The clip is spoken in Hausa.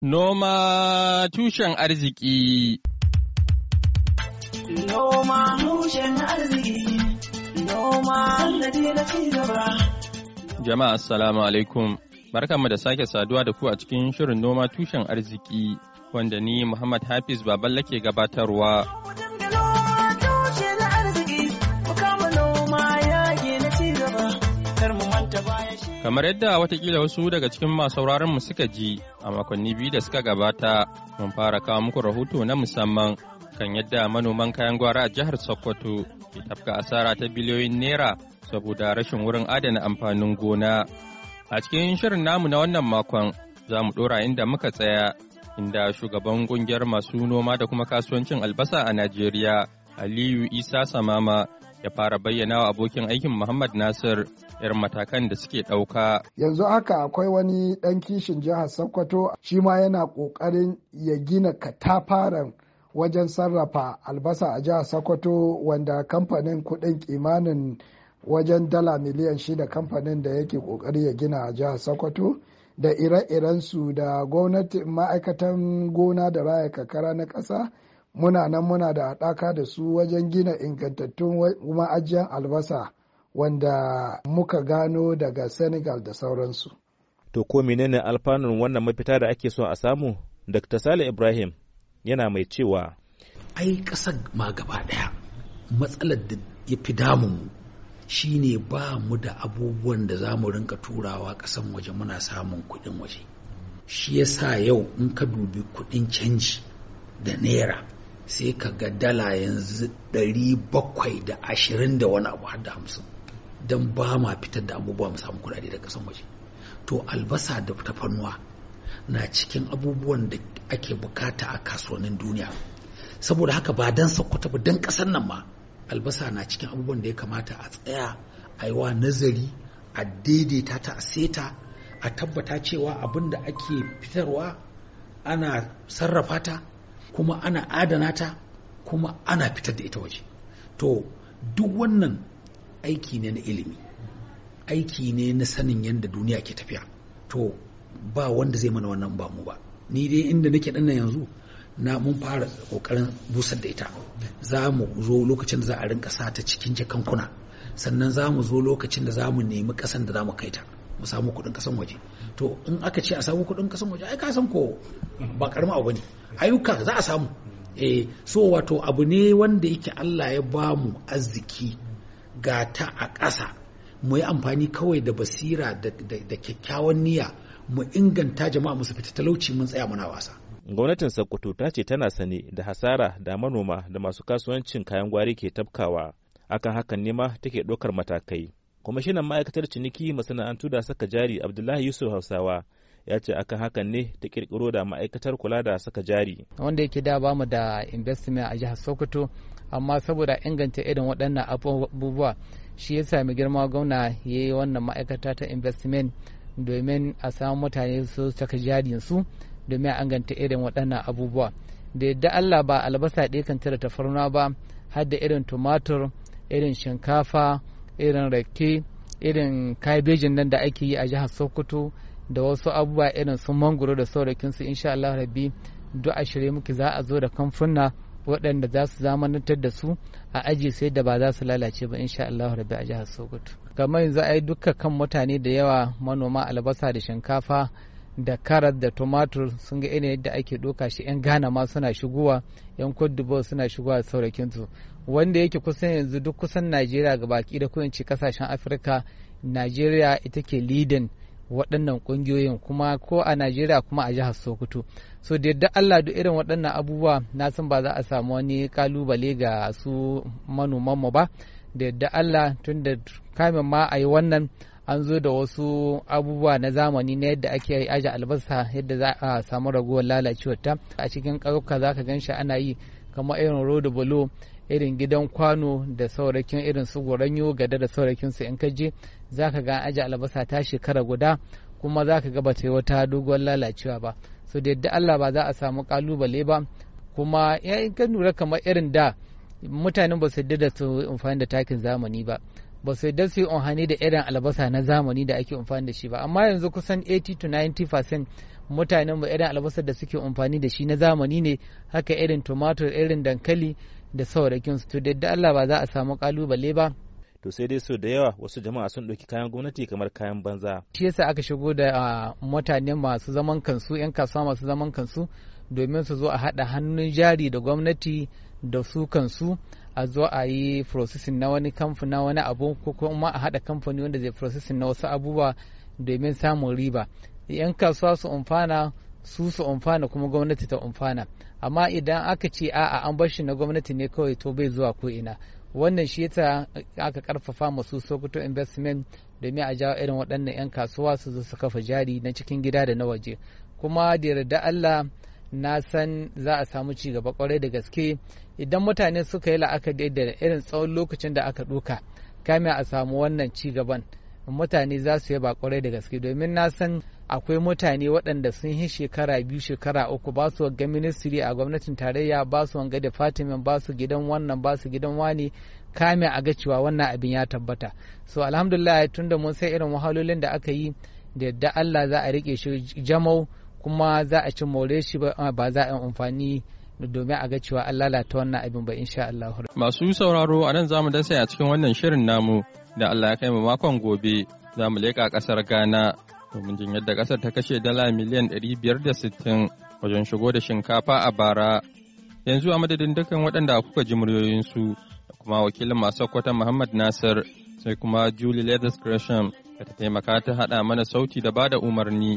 Noma tushen arziki Noma tushen arziki Noma da ci gaba Jama'a assalamu alaikum Barkanmu da sake saduwa da ku a cikin shirin noma tushen arziki wanda ni Muhammad Hafiz Baballa ke gabatarwa. Kamar yadda watakila wasu daga cikin masu mu suka ji a makonni biyu da suka gabata mun fara kawo muku rahoto na musamman kan yadda manoman kayan gwara a jihar Sokoto ke tafka asara ta biliyoyin naira saboda rashin wurin adana amfanin gona. A cikin shirin namu na wannan makon za mu ɗora inda muka tsaya inda shugaban kungiyar masu noma da kuma kasuwancin albasa a Najeriya Aliyu Isa Samama ya fara bayyana wa abokin aikin Muhammad Nasir irin matakan da suke ɗauka. Yanzu haka akwai wani ɗan kishin jihar Sokoto shi ma yana ƙoƙarin ya gina katafaren wajen sarrafa albasa a jihar Sokoto wanda kamfanin kuɗin kimanin wajen dala miliyan shida kamfanin da yake ƙoƙari ya gina a jihar Sokoto. da ire-irensu da gwamnatin ma'aikatan gona da raya kakara na ƙasa muna nan muna da haɗaka da su wajen gina ingantattun ma'ajiyar albasa wanda muka gano daga senegal da sauransu to ko menene alfanun wannan mafita da ake so a samu dr sale ibrahim yana mai cewa ai ƙasar ma gaba ɗaya matsalar da ya fi damun shine ba mu da abubuwan da za mu rinka turawa ƙasan waje muna samun kuɗin waje shi yasa yau in ka dubi kuɗin canji da naira sai ka ga dala yanzu 720 da wani abu har da hamsin don ba ma fitar da abubuwa mu samu kudade da kasan waje to albasa da tafarnuwa na cikin abubuwan da ake bukata a kasuwannin duniya saboda haka ba don sakkwata ba don kasan nan ma albasa na cikin abubuwan da ya kamata a tsaya a yi wa nazari a daidaita ta a seta a tabbata cewa abin da ake fitarwa ana sarrafa ta kuma ana adana ta kuma ana fitar da ita waje to duk wannan aiki ne na ilimi aiki ne na sanin yadda duniya ke tafiya to ba wanda zai mana wannan ba mu ba ni dai inda nake dinnan yanzu na mun fara kokarin busar da ita za mu zo lokacin da za a rinka sata ta cikin jakankuna sannan za mu zo lokacin da za mu nemi ƙasan da za mu kai ta mu samu kuɗin kasan waje to in aka ce a samu kuɗin kasan waje ai ka san ko ba karama abu ne ayyuka za a samu eh so wato abu ne wanda yake Allah ya ba mu arziki ga ta a ƙasa mu yi amfani kawai da basira da kyakkyawan niyya mu inganta jama'a musu fita talauci mun tsaya muna wasa gwamnatin sokoto ta ce tana sani da hasara da manoma da masu kasuwancin kayan gwari ke tafkawa akan hakan ne ma take ɗaukar matakai kwamishinan ma'aikatar ciniki masana'antu da saka jari abdullahi yusuf hausawa ya ce akan hakan ne ta kirkiro da ma'aikatar kula da saka jari wanda yake da bamu da investment a jihar sokoto amma saboda inganta irin waɗannan abubuwa shi ya sami girma gwamna ya yi wannan ma'aikata ta investment domin a samu mutane su saka su domin a inganta irin waɗannan abubuwa da yadda allah ba albasa ɗaya kan tara tafarnuwa ba har da irin tumatur irin shinkafa irin rake irin kabejin nan da ake yi a jihar sokoto da wasu abubuwa irin su mangoro da saurakin su insha Allah rabbi duk a shirye muke za a zo da kamfuna waɗanda za su zamanantar da su a aji sai da ba za su lalace ba insha Allah rabbi a jihar Sokoto. Kamar yanzu yi duka kan mutane da yawa manoma albasa da shinkafa da karat da tomatur sun ga yanayin yadda ake doka shi yan ghana ma suna shigowa yan cote suna shigowa saurakin saurakinsu. wanda yake kusan yanzu duk kusan najeriya ga baki da kuyanci kasashen afirka najeriya ita ke leading waɗannan ƙungiyoyin kuma ko a najeriya kuma a jihar sokoto so da yadda allah duk irin waɗannan abubuwa na san ba za a samu wani kalubale ga su manoman mu ba da yadda allah tun da kamin ma a yi wannan an zo da wasu abubuwa na zamani na yadda ake aje albasa yadda za a samu raguwar lalacewar ta a cikin ƙauyuka za ka gan shi ana yi kamar irin rodo bulo irin gidan kwano da saurakin irin su goranyo gada da saurakin su in ka je za ka ga aje albasa ta shekara guda kuma za ka gaba yi wata doguwar lalacewa ba so da yadda Allah ba za a samu kalubale ba kuma eh, in ka lura kamar irin da mutanen ba su da su amfani da takin zamani ba ba su yadda su yi unhani da irin albasa na zamani da ake amfani da shi ba amma yanzu kusan 80 to 90 percent mutanen mu irin albasa da suke amfani da shi na zamani ne haka irin tumatur irin dankali da saurakin su to da Allah ba za a samu kalubale ba to sai dai so da yawa wasu jama'a sun ɗauki kayan gwamnati kamar kayan banza shi yasa aka shigo da ah, mutane masu zaman kansu yan kasuwa masu zaman kansu domin su zo a haɗa hannun jari da gwamnati da su kansu a zo a yi processing na wani kamfani na wani abu ko kuma a haɗa kamfani wanda zai processing na wasu abubuwa domin samun riba yan kasuwa su umfana su su umfana kuma gwamnati ta umfana amma idan aka ce a'a an bar shi na gwamnati ne kawai to bai zuwa ko ina wannan shi yasa aka karfafa masu sokoto investment domin a jawo irin waɗannan 'yan kasuwa su zo su kafa jari na cikin gida da na waje kuma da yarda allah na san za a samu ci gaba kwarai da gaske idan mutane suka yi la'akari da irin tsawon lokacin da aka ɗoka kamin a samu wannan ci gaban mutane za su yaba kwarai da gaske domin na san akwai mutane waɗanda sun yi shekara biyu shekara uku ba su wanga ministry a gwamnatin tarayya ba su wanga department ba su gidan wannan ba su gidan wani kame a ga cewa wannan abin ya tabbata so alhamdulillah tunda mun sai irin wahalolin da aka yi da yadda Allah za a rike shi jamau kuma za a ci more shi ba za a yi amfani domin a ga cewa an lalata wannan abin ba insha Allah. Masu sauraro a nan zamu dasa a cikin wannan shirin namu da Allah ya kai mu makon gobe za mu leƙa ƙasar Ghana domin jin yadda ƙasar ta kashe dala miliyan 560 wajen shigo da shinkafa a bara. Yanzu a madadin dukkan waɗanda kuka ji muryoyinsu da kuma wakilin masu kwata Muhammad Nasir sai kuma Julie Leathers Gresham da ta taimaka ta haɗa mana sauti da bada umarni.